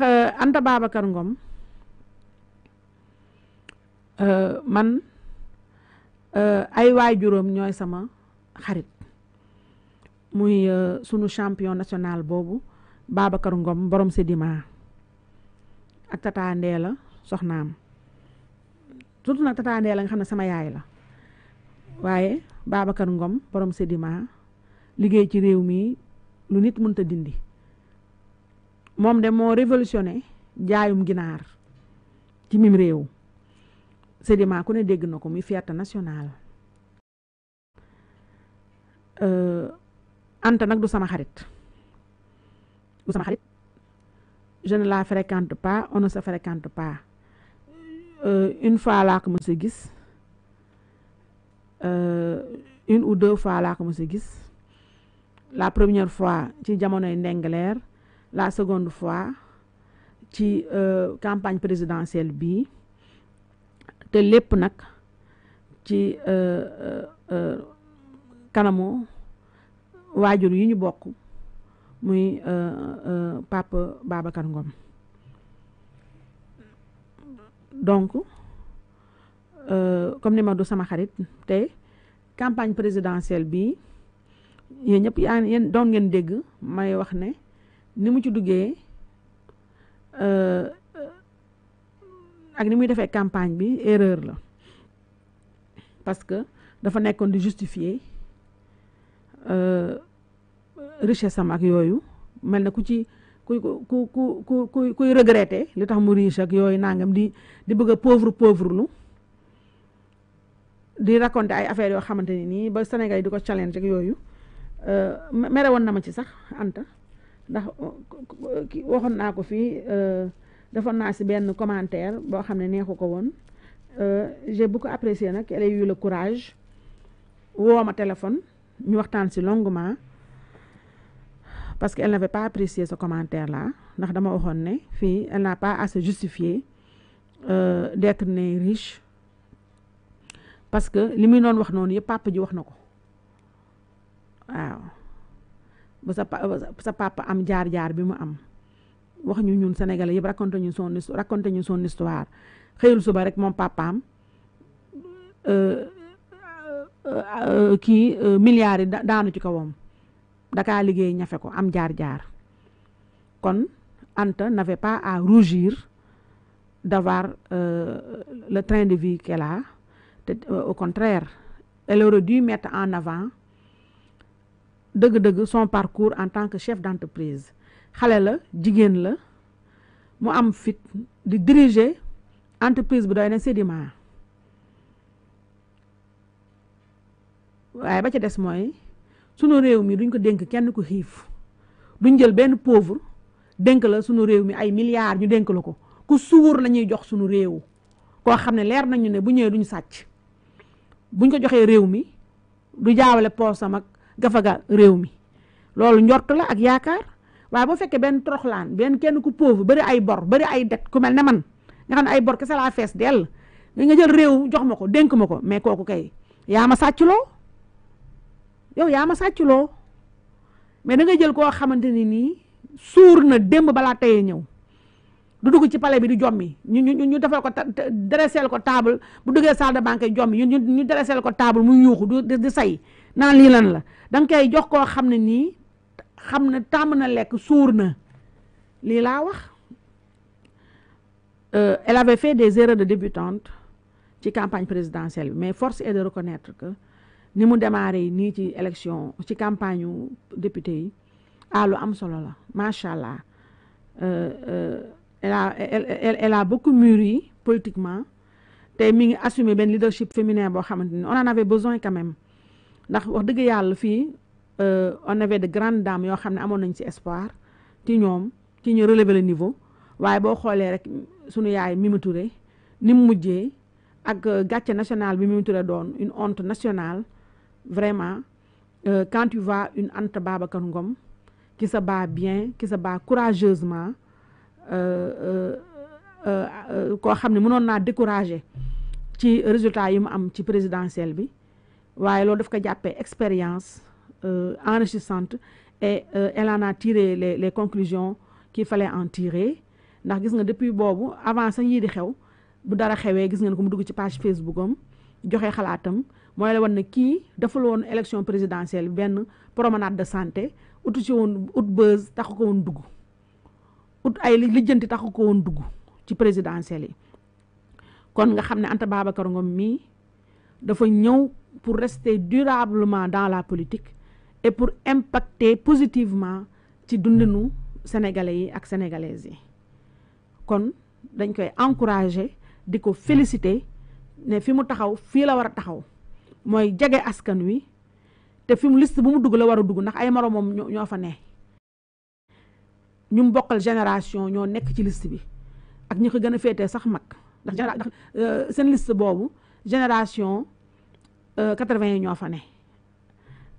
Euh, Anta Babacar Ngom euh, man euh, ay waay juróom ñooy sama xarit muy sunu champion national boobu Babacar Ngom borom Sedima ak Tata Ndeela soxnaam surtout nag Tata Ndeela nga xam ne sama yaay la waaye Babacar Ngom borom Sedima liggéey ci réew mi lu nit mënta dindi moom de moo révolutionné jaayum ginaar ci mim réew Sedima ku ne dégg na ko muy fierté nationale euh, Anta nag du sama xarit du sama xarit je ne la fréquente pas on ne se fréquente pas euh, une fois laa ko monsieur a gis euh, une ou deux fois laa ko monsieur a gis la première fois ci jamonoy Ndengleer la seconde fois ci euh, campagne présidentielle bi te lépp nag ci euh, euh, kanamu waajur yi ñu bokk muy Papa Babacar Ngom donc comme ni ma du sama xarit tey campagne présidentielle bi yéen ñëpp yaa yenn doon ngeen dégg may wax ne ni mu ci duggee euh, ak ni muy defee campagne bi erreur la parce que dafa nekkoon di justifier euh, richesse am ak yooyu mel na ku ci kuy ku ku ku kuy regretter lu tax mu riche ak yooyu nangam di di bëgg a pauvre pauvre lu di raconter ay affaires yoo xamante ni nii ba Sénégal yi di ko challenge ak yooyu euh, mere woon na ma ci sax Anta ndax waxoon naa ko fii euh, defoon naa si benn commentaire boo xam ne neexu ko woon euh, j'ai beaucoup apprécié nag elle a eu le courage woo ma téléphone ñu waxtaan si longuement parce que elle n'avait pas apprécié ce commentaire là ndax dama waxoon ne fii elle n'a pas à se justifier euh, d'être née riche parce que li muy doon wax noonu yëpp papa ji wax na ko waaw ba sa sais papa am jaar-jaar bi mu am wax ñu ñun sénégalais yëpp raconté ñu son raconté ñu son histoire xëyul suba rek moom papaam euh, euh, kii euh, milliards yi daanu ci kawam dakaa liggéey ñafe ko am jaar-jaar kon Anta n'avait pas à rougir d'avoir le train de vie qu'elle a au contraire elle aurait dû mettre en avant dëgg-dëgg son parcours en tant que chef d'entreprise xale la jigéen la mu am fit di diriger entreprise bi doy ne Sedima waaye ba ci des mooy sunu réew mi duñ ko dénk kenn ku xiif duñ jël benn pauvre dénk la sunu réew mi ay milliards ñu dénk la ko ku suur la ñuy jox sunu réew koo xam ne leer nañu ne bu ñëwee duñ sàcc buñ ko joxee réew mi du jaawale poosam ak gafaga réew mi loolu njort la ak yaakaar waaye boo fekkee benn troxlaan benn kenn ku pauvre bari ay bor bari ay det ku mel ne man nga xam ay bor kese laa fees dell nga jël réew jox ma ko dénk ma ko mais kooku kay yaa ma sàccloo yow yaa ma sàccloo mais da nga jël koo xamante ni nii suur na démb balaa ñëw du dugg ci palais bi di jommi ñu ñu ñu defal ko dressel ko table bu duggee salle de banque jommi ñu ñu dressel ko table mu yuuxu di say naan lii lan la jox ko ni tamna lek sourna li la wax euh, elle avait fait des erreurs de débutante ci campagne présidentielle mais force est de reconnaître que ni mu démarré ni ci élection ci campagne députée, député yi ah am solo la euh, euh, elle a elle elle a beaucoup mûri politiquement Elle mi ngi assumer leadership féminin on en avait besoin quand même ndax wax dëgg yàlla fii euh, on avait de grandes dames yoo xam ne amoon nañ ci espoir ci ñoom ci ñu relever le niveau waaye boo xoolee rek sunu yaay Mimi Touré ni mu mujjee ak euh, gàcce nationale bi Mimi Touré doon une honte nationale vraiment euh, quand tu vois une Anta Babacar Ngom qui se bat bien qui se bat courageusement koo xam ne mënoon naa décourager ci résultat yi mu am ci présidentiel bi waaye loolu daf ko jàppee expérience euh, enrichissante et euh, elle en a tiré les les conclusions qu'il fallait en tirer ndax gis nga depuis boobu avant sax yii di xew bu dara xewee gis nga ko mu dugg ci page Facebook am joxe xalaatam mooy la woon ne kii deful woon élection présidentielle benn promenade de santé utu ci woon ut buzz taxu ko woon dugg ut ay lijjanti taxu ko woon dugg ci présidentielle yi kon nga xam ne Anta Babacar Ngom mii dafa ñëw pour rester durablement dans la politique et pour impacter positivement ci dundinu sénégalais et ak sénégalaises yi kon dañ koy encourager di ko féliciter ne fi mu taxaw fi la war a taxaw mooy jege askan wi te fi mu liste bu mu dugg la war a dugg ndax ay moroomam ñoo fa ne ñu bokkal génération ñoo nekk ci liste bi ak ñi ko gën a féetee sax mag ndax euh, seen liste boobu génération 80 euh, yi ñoo fa ne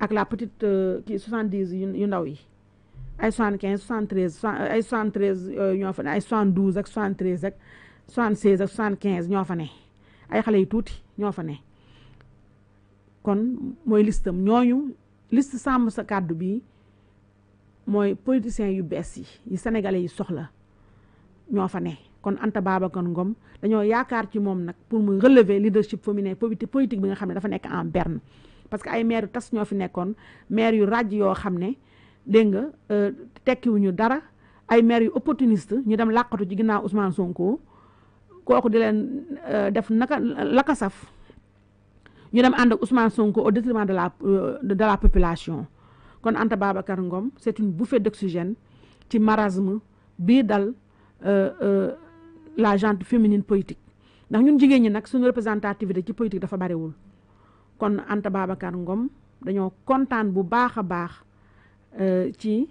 ak la petite euh, kii 70 yu ndaw yi ay 75 73 euh, ay 73 ñoo fa ne ay 72 ak 73 ak 76 ak 75 ñoo fa ne ay xale yu tuuti ñoo fa ne kon mooy listam ñooñu liste sàmm sa kàddu bi mooy politiciens yu bees yi yi sénégalais yi soxla ñoo fa ne kon Anta Babacar Ngom dañoo yaakaar ci moom nag pour mu relever leadership féminin politique bi nga xam ne dafa nekk en berne parce que ay maire yu tas ñoo fi nekkoon maire yu ràjj yoo xam ne dégg nga euh, tekkiwuñu dara ay maire yu opportuniste ñu dem làqatu ci ginnaaw Ousmane Sonko kooku di leen euh, def naka laka ñu dem ànd ak Ousmane Sonko au détriment de la euh, de la population kon Anta Babacar Ngom c'est une bouffée d'oxygène ci marasme bii dal la gente féminine politique ndax ñun jigéen ñi nak suñu représentativité ci politique dafa bari wul kon Anta Babacar Ngom dañoo contane bu baaxa baax euh ci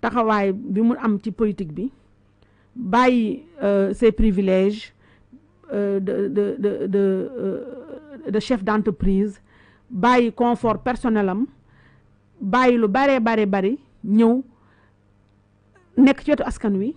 taxaway bi mu am ci politique bi euh ses privilèges euh de de de de euh, de chef d'entreprise bàyyi confort personnel am bàyyi lu bare bare bari ñëw nek ci wetu askan wi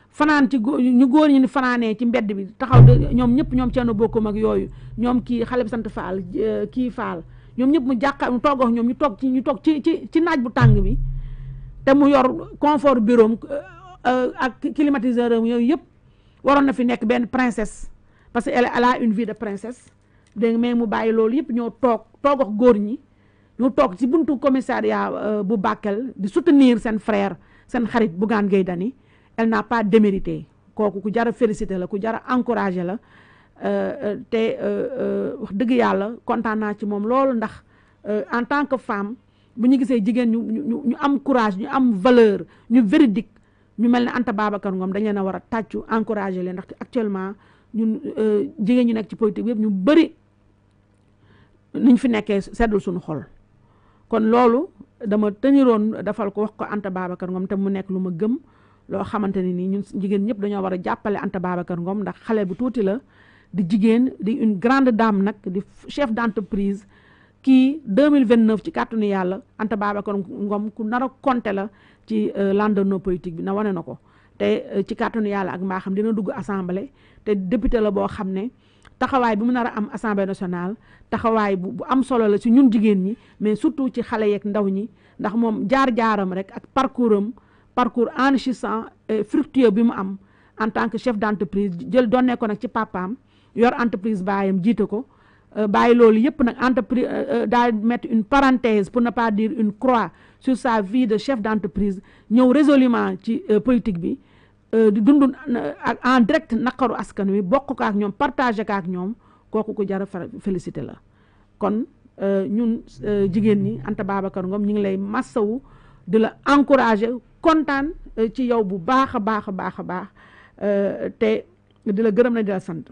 fanaan ci góor ñu góor ñi ni fanaanee ci mbedd bi taxaw ñoom ñëpp ñoom ceeno bokkum ak yooyu ñoom kii xale bi sant faal kii faal ñoom ñëpp mu jàkkaar mu toog ñoom ñu toog ci ñu toog ci ci ci naaj bu tàng bi te mu yor confort bureau euh, ak climatiseur am yooyu yëpp waroon na fi nekk benn princesse parce que elle a une vie de princesse dégg mais mu bàyyi loolu yëpp ñoo toog toog góor ñi ñu toog ci buntu commissariat euh, bu Bakel di soutenir seen frère seen xarit Bougane Gueye Dany elle n'a pas démérité kooku ku jar a félicité la ku jar a encouragé la euh, euh, te euh, wax dëgg yàlla kontaan naa ci moom loolu ndax en tant que femme bu ñu gisee jigéen ñu ñu ñu am courage ñu am valeur ñu véridique ñu mel ni Anta Babacar ngoom dañ leen a war a tàccu encouragé leen ndaxte actuellement ñun jigéen ñu nekk ci politique bi yëpp ñu bëri ñu fi nekkee seddul suñu xol kon loolu dama tëniroon defal ko wax ko ente Babacar Ngom te mu nekk lu ma gëm loo xamante ne nii ñun jigéen ñëpp dañoo war a jàppale Anta Babacar Ngom ndax xale bu tuuti la di jigéen di une grande dame nag di chef d'entreprise kii 2029 ci kàttanu yàlla Anta Babacar Ngom ku nar a la ci euh, no politique bi na wane na ko te euh, ci kàttanu yàlla ak mbaaxam dina dugg assemblée te député la boo xam ne taxawaay bi mu nar a am assemblée nationale taxawaay bu bu am solo la si ñun jigéen ñi mais surtout ci xale yeeg ndaw ñi ndax moom jaar-jaaram rek ak parcours am parcours enrichissant et fructueux en tant que chef d'entreprise, je jël donné ko nak ci yor entreprise Il a ko euh, euh, euh, mettre une parenthèse pour ne pas dire une croix sur sa vie de chef d'entreprise. ñeu résolument ci politique bi di en direct nakaru askan wi ak ak la kon ñun kontaan euh, ci yow bu baax a baax a baax a baax euh, te di la gërëm na di la sant